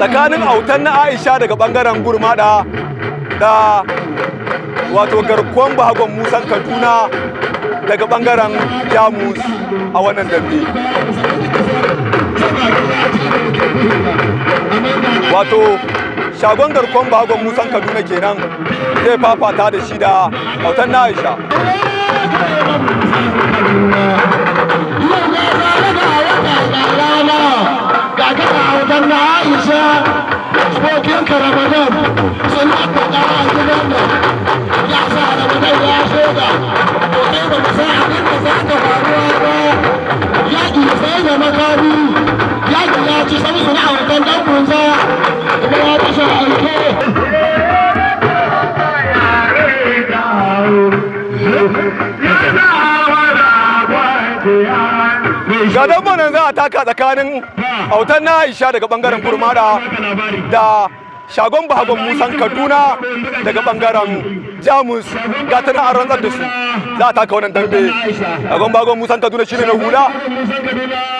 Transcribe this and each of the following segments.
tsakanin autan na aisha daga bangaren gurmada da wato garkuwan bahagon musan kaduna daga bangaren jamus a wannan dambe wato shagon garkon bagon musan kaduna kenan zai fafata da shi da autan na aisha ga gaba a wajen na aisha abokin ka ramadan sun haɗaɗa a gidan nan ya sa ramadan ya shaida to kai ba mu san abin da za ta faruwa ba yaƙi sai da makami yaƙi ya ci sabu sana'ar dan dan kunza kuma ya kashe alke ga dan nan za a taka tsakanin autan na Aisha daga bangaren Kurmada da shagon bahagon musan kaduna daga bangaren jamus ga ta an rantsar da su za a taka wannan dambe shagon bahagon musan kaduna shine na hula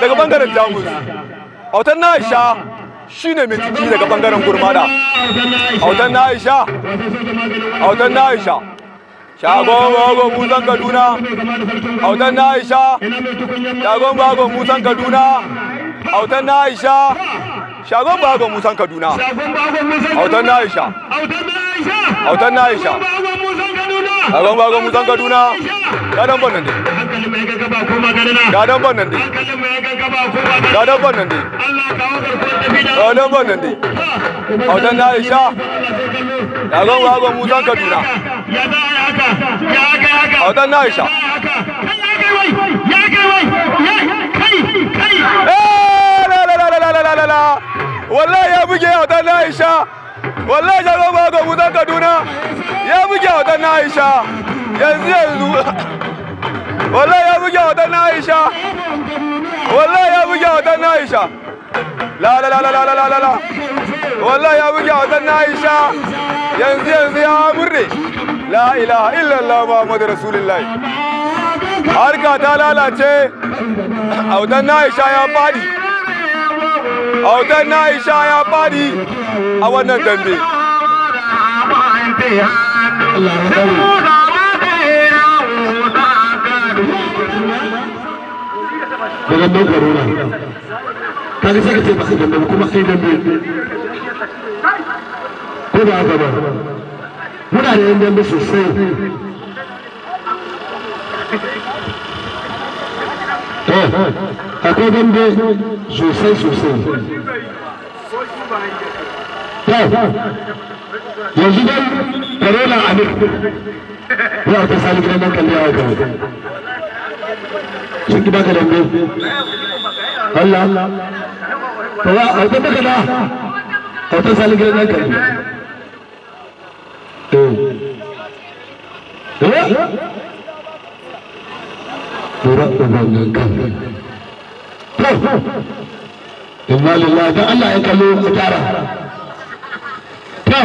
daga bangaren jamus autan na aisha shine mai ciki daga bangaren gurmada autan na aisha autan na aisha shagon rogo musan kaduna autan na aisha shagon bago musan kaduna autan na aisha shagon bago musan kaduna autan na aisha autan na aisha shagon bago musan kaduna Dadan bannan dai Dadan bannan dai Dadan bannan dai Dadan bannan dai autan na aisha shagon bago musan kaduna autan na aisha ya buge na wallahi ya zama ga gudan kaduna ya na yanzu yanzu wallahi ya na wallahi ya na wallahi ya na yanzu yanzu ya murre لا اله الا الله محمد رسول الله هر کا دلالا چه او د نائشا یا پاری او د نائشا یا او نن دمبی ولكنك تجد انك تجد انك تجد انك muna da yan dambe sosai akwai dambe sosai sosai yanzu dai corona amir ya ta sani gidan nan kalli a gaba sun ki ka dambe Allah Allah to ya a ta baka da ta sani gidan nan kalli Tura ubannin kan. Inna lillahi da Allah ya kallo ku tara. Ta,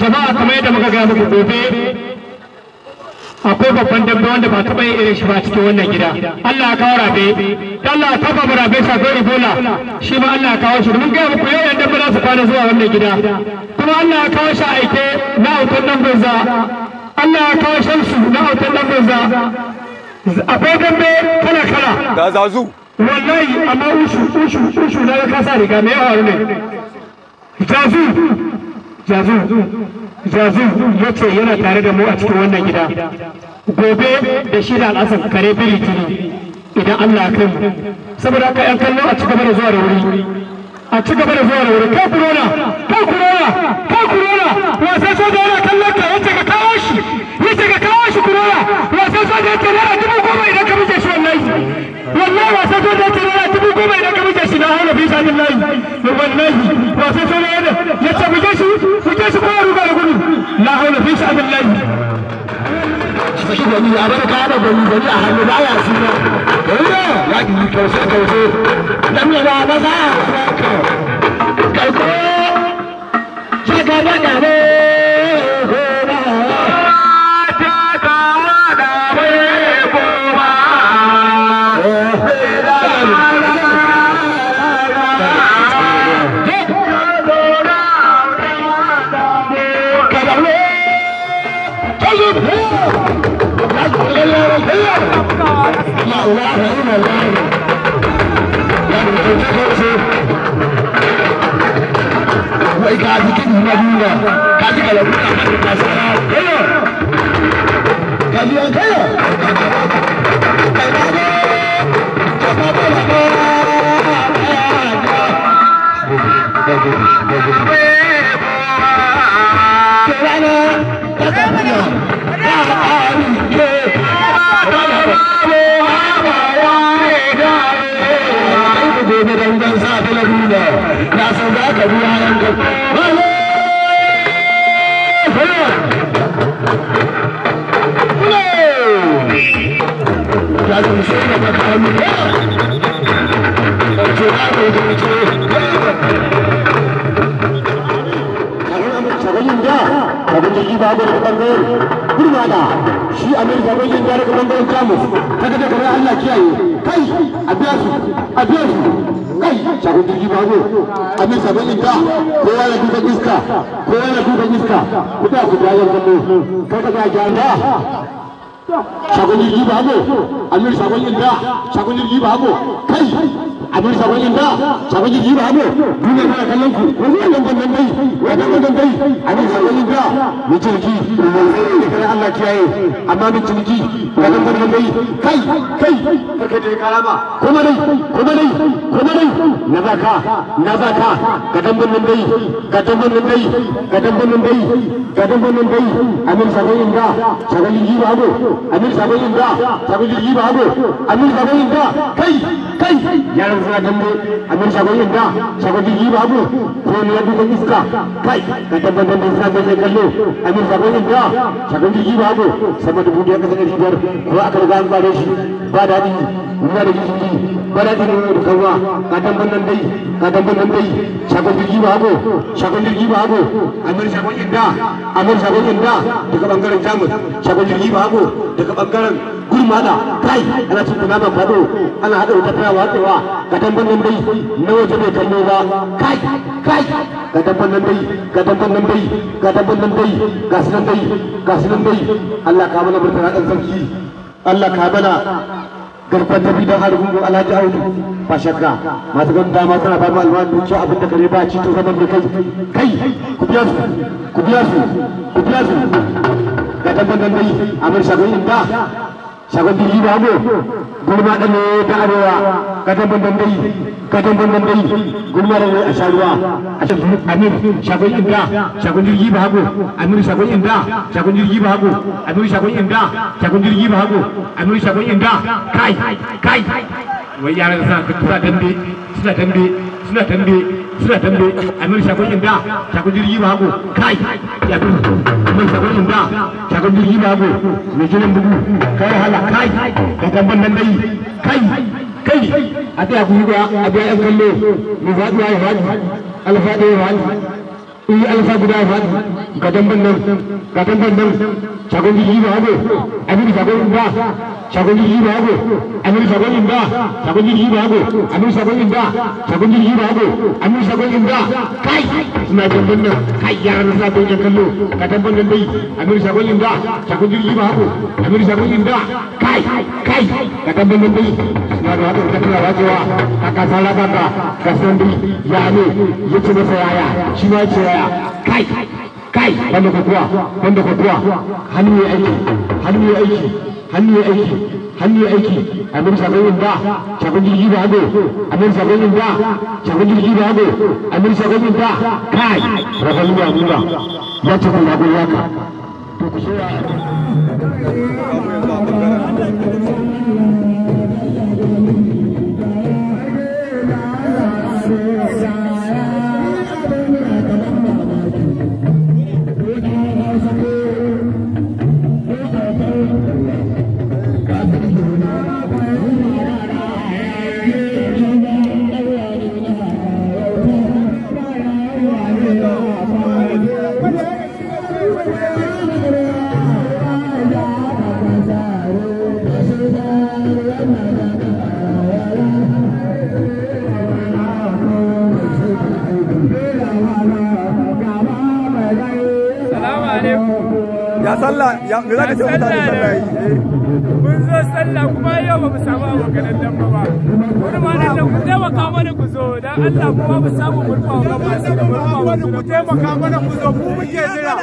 jama'a kamar yadda muka gaya muku gobe akwai babban dambe wanda ba taɓa yin irin shi ba cikin wannan gida Allah ya kawo rabe Allah ya kafa rabe sa ko ibola shi ma Allah ya kawo shi mun ga muku yau dambe za su fara zuwa wannan gida kuma Allah ya kawo shi aike na autan nan gaza Allah ya kawo shi na nan gaza a akwai dambe kala kala ga zazu wallahi amma ushu ushu ushu na ka kasa riga me yawa ne zazu jazu jazu ya ce yana tare da mu a cikin wannan gida gobe da shi da al'asar kare biri jini idan Allah ya kai saboda haka yan kallo a ci gaba da zuwa da wuri a ci gaba da zuwa da wuri kai kurona kai kurona kai kurona wasan soja yana kallon ka yace ka kawo shi yace ka kawo shi kurona wasan soja yace naira dubu goma idan ka mice shi wallahi wallahi wasan soja yace naira dubu goma idan ka mice shi na hana bisa billahi wallahi wasan soja yana kai shi ku kai shi kowa ruga da gudu la haula fi sabilillah saki gani a bar kaya da gani gani a hannu ba ya suna gani ya ki kausa kausa ne ne kaduna kaji kalabu kayo kabiyan kayo Gobe da wutan sa ta larura, na san za ka ruwa abin da shi amir gaban yin da kiyaye ta ta kai abin saba'in da saba'in ji ba abu duniya tana kallon ku wani wannan bandan dai wannan bandan dai abin saba'in da mu ciniki kai Allah kiyaye amma mu ciniki wannan bandan dai kai kai karka je kara ba kuma dai kuma dai kuma dai na zaka na zaka ka dan bandan dai ka dan nan dai ka dan nan dai ka dan nan dai amin saba'in da saba'in ji ba abu amin saba'in da saba'in ji ba abu amin saba'in da kai kai yaran dambe amir shagon inda shagon jirgi babu ko ne ya duka iska kai ka tabbatar da suna bai kallo amir shagon inda shagon jirgi babu sama da bude ya kasa ɗari ko aka riga an bare shi ba daɗi ina da jirgi ba daɗi ne da kanwa ka tabbatar dai ka tabbatar dai shagon jirgi babu shagon jirgi babu amir shagon inda amir shagon inda daga bangaren jamus shagon jirgi babu daga bangaren gurmana kai ana cikin kunama fado ana hada wuta tana watsewa ga tamban nan dai na waje bai kallo ba kai kai ga tamban nan dai ga tamban nan dai ga tamban nan dai ga su nan dai ga su nan dai Allah ka mana burtana ɗan sarki Allah ka mana garfan tafi don harbin gun alhaji audu ba shakka masu gan dama tana ba mu alwani dukiya abin da kare ba ci to zaman da kai kai ku biya su ku biya su ku biya su ga tabbatar dai amir shagun inda Sabun tinggi bahagia. Gulma dan tak ada wak. Kata pun dendai. Kata pun dendai. Gulma dan asal wak. Asal buruk amir. Sabun indra. Sabun tinggi bahagia. Amir sabun indra. Sabun tinggi bahagia. Amir sabun indra. Sabun tinggi bahagia. Amir sabun indra. Kai. Kai. kai, Wajar sangat ketua dendai. suna tambe suna tambe suna tambe a mai shakon yin da shakon jirgi ba ko kai ya fi mai shakon yin da shakon jirgi ba ko mai jiran bugu kai hala kai da tamban nan dai kai kai a ta ya kuma a biya yan kallo mai faɗuwa ya yi faɗi alfaɗo ya faɗi in alfa guda ya faɗi ga damban nan ga damban na tsaya kai kai banda kokowa banda kuwa! hannu ya aiki hannu ya aiki hannu ya aiki hannu ya aiki amir sabon yin ba shagun jirgi ba hago amir sabon yin ba shagun jirgi ba hago amir sabon yin ba kai rafa nuna nuna ya ce kun rago yaka to ku shirya me za ka ce mutane sallah mun zo sallah kuma yau ba mu samu abokanan dan ba wani ma nan da ku taimaka mana ku zo dan Allah kuma mu samu murfa ga masu da murfa wani ku taimaka mana ku zo mu muke jira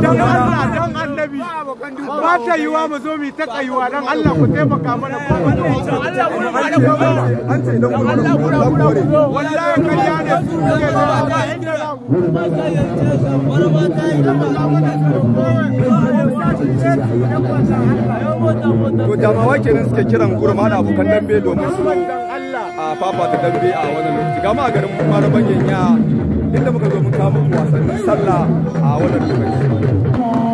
dan Allah dan annabi ba ta yiwa mu zo mu ta kaiwa dan Allah ku taimaka mana ku zo Allah ku mana ku zo an ce idan ku zo ku zo wallahi kariya ne su ke jira ba inda za ku ba ta yanzu wani ba ta yi da ba ta mu da to jamawa kenan suke kiran gurma da abokan dambe domin su a ta dambe a wani lokaci gama a garin marabar yanya inda muka zo mun kama wasannin sallah a wani lokaci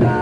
Bye.